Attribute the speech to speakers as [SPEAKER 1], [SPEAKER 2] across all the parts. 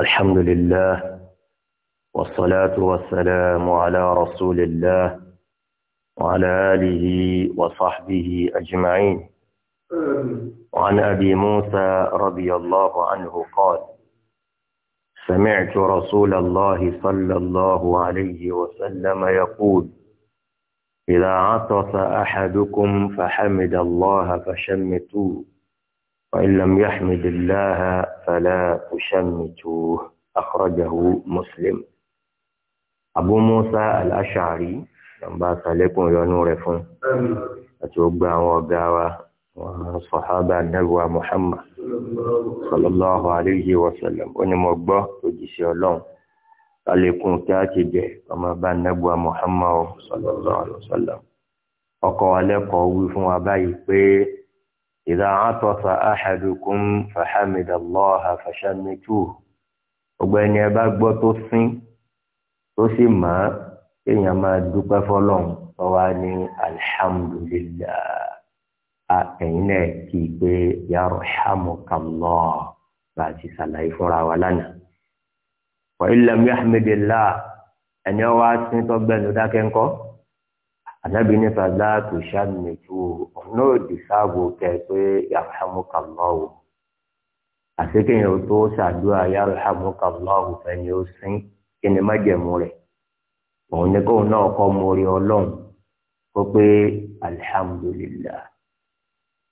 [SPEAKER 1] الحمد لله والصلاة والسلام على رسول الله وعلى آله وصحبه أجمعين وعن أبي موسى رضي الله عنه قال سمعت رسول الله صلى الله عليه وسلم يقول إذا عطس أحدكم فحمد الله فشمتوه وإن لم يحمد الله فلا تشمتوه أخرجه مسلم أبو موسى الأشعري nàmbà sàlékún yọnu rẹ fún àti gbogbo àwọn ọgá wa wọn sọhábà nàbíwá Muhammad sallallahu alayhi wa sallam ó ní mo gbọ́ òjìṣẹ́ Ọlọ́run sàlékún kí á ti jẹ ọmọ bá nàbíwá Muhammad sallallahu alayhi wa ọkọ wa wí fún wa báyìí pé. إذا عطس أحدكم فحمد الله فشمتوه ọgbẹni ẹ bá gbọ́ tó sín tó sì mọ kéèyàn máa dúpẹ́ fọ́lọ́run tó wá ní alihamudulilayi a ẹ̀yin náà kì í pé yarhamukallah bá a ti ṣàlàyé fúnra wa lánàá wa illam yahmidillah ẹni ọwọ asin tó gbẹnu dákẹ́ ńkọ́ ànábì ní fàlà tó ṣàmìtú ọ̀nà òdì sáàbò kẹ pé yarhamukallahu àṣekẹ́yìn tó ṣàdúrà yarhamukallahu fẹ́ni ó sín kí ni májẹ̀mú rẹ̀ òun ní kóun náà kọ́ mórí ọlọ́run kó pé alihamudulilayi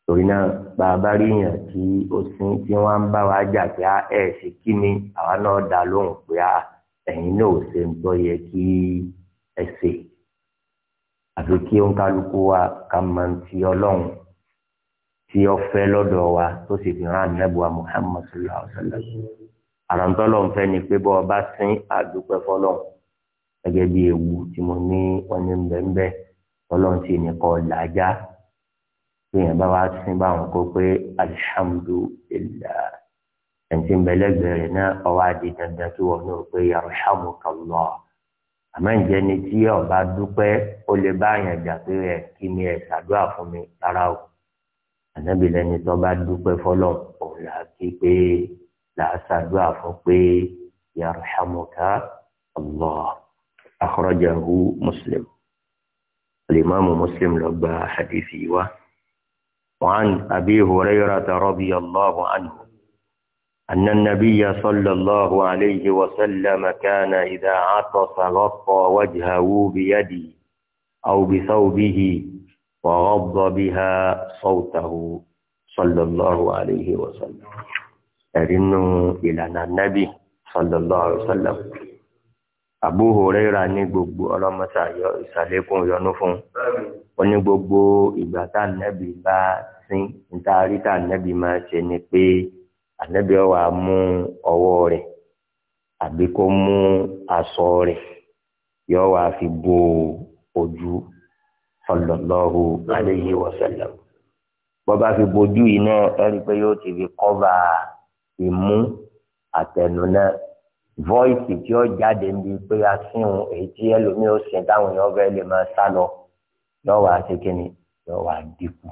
[SPEAKER 1] torí náà bàbá rí yàn tí ó sin tí wọn ń bá wa jà pé a ah, ṣe kí ni àwa náà dá lóhùn pé ah, ẹ̀yin náà ò ṣe ń gbọ́ yẹ kí ẹ ṣe àfi kí ó ń kálukú wa ká máa ń ti ọlọ́run tí ó fẹ́ lọ́dọ̀ wa tó sì fi hàn nẹ́bùa Muhammad sallallahu alayhi wa sallam àràǹtọ́lọ́ ń fẹ́ ni pé bọ́ ọba sín àdúpẹ́ fọlọ́run gẹ́gẹ́ bí ewu tí mo ní wọn ní bẹ́ẹ̀nbẹ́ ọlọ́run sì ní kọ́ làájá èèyàn bá wá sín báwọn kó pé alihamudulilayi ẹ̀ǹtí ń bẹ lẹ́gbẹ̀ẹ́ rẹ̀ náà ọwọ́ àdìdàndàn kí wọ́n náà pé yarhamukallah àmọ́ ǹjẹ́ ni tí ọba dúpẹ́ ó lè bá àyàn jà pé ẹ kí ni ẹ ṣàdúrà fún mi rárá o ànábì lẹni tó bá dúpẹ́ fọlọ́ òun là á kí pé là á ṣàdúrà fún pé yarhamuka allah muslim alimami muslim ló hadithi wa wa an abi hurayrata radiyallahu anhu. أن النبي صلى الله عليه وسلم كان إذا عطس غطى وجهه بيده أو بثوبه وغض بها صوته صلى الله عليه وسلم أرن إلى النبي صلى الله عليه وسلم Abu Huraira ní gbogbo ọlọ́mọta ìsàlékún yọnú fún ó ní gbogbo ìgbà tá nẹ́bí bá sín níta rí tá nẹ́bí máa ṣe ni pé ànábì ọ a mú ọwọ́ rẹ̀ àbí kó mú aṣọ rẹ̀ yọ wà fi bo ojú sallallahu alayhi wa sallam bọba fi bojú yìí náà ẹni pé yóò ti fi kọ́ba ìmú àtẹnu náà voice tí ó jáde níbi pé a síhun èyí tí ẹlòmíì ó sìn táwọn èèyàn fẹ́ lè máa sá lọ yọ wà á ṣe kínní yọ wà dínkù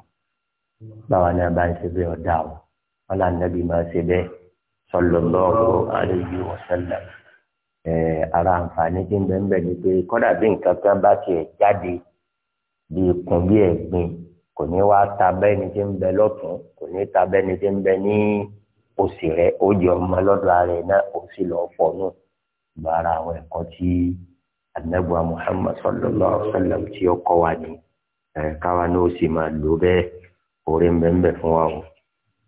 [SPEAKER 1] báwa náà bá ń ṣe bí ọ̀dà o wọn Nabi nàbì máa ṣe bẹ́ẹ̀ sallallahu alayhi wa sallam ara àǹfààní tí ń bẹ ń bẹ ni pé kódà bí nǹkan kan bá tiẹ̀ jáde bí ikùn bí ẹ̀gbin kò ní wá ta bẹ́ni tí ń bẹ lọ́tún kò ní ta bẹ́ni tí ń bẹ ní òsì rẹ ó jẹ ọmọ lọ́dọ̀ ara ẹ̀ náà ó sì lọ́ọ́ nù gba ara àwọn ẹ̀kọ́ anabuwa Muhammad sallallahu alaihi wa sallam tí ó kọ́ wa ni káwa náà ó sì máa lò bẹ́ẹ̀ orí ń fún wa o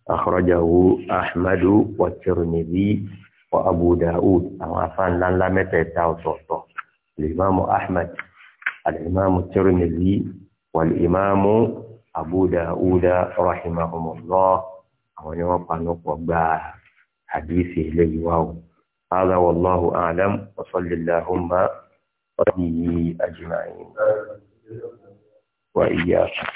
[SPEAKER 1] akhrajahu ahmadu wa tirmidhi wa abu daud àwọn afáàn ńláńlá mẹ́tẹ̀ẹ̀ta ọ̀tọ̀ọ̀tọ̀ alimami ahmad alimami tirmidhi walimami abu daud rahimahumullah àwọn ni wọn panu pọ̀ gba hadisi eléyìí wá o hada wallahu a'lam wa salli allahumma wa bihi ajma'in wa iyyakum.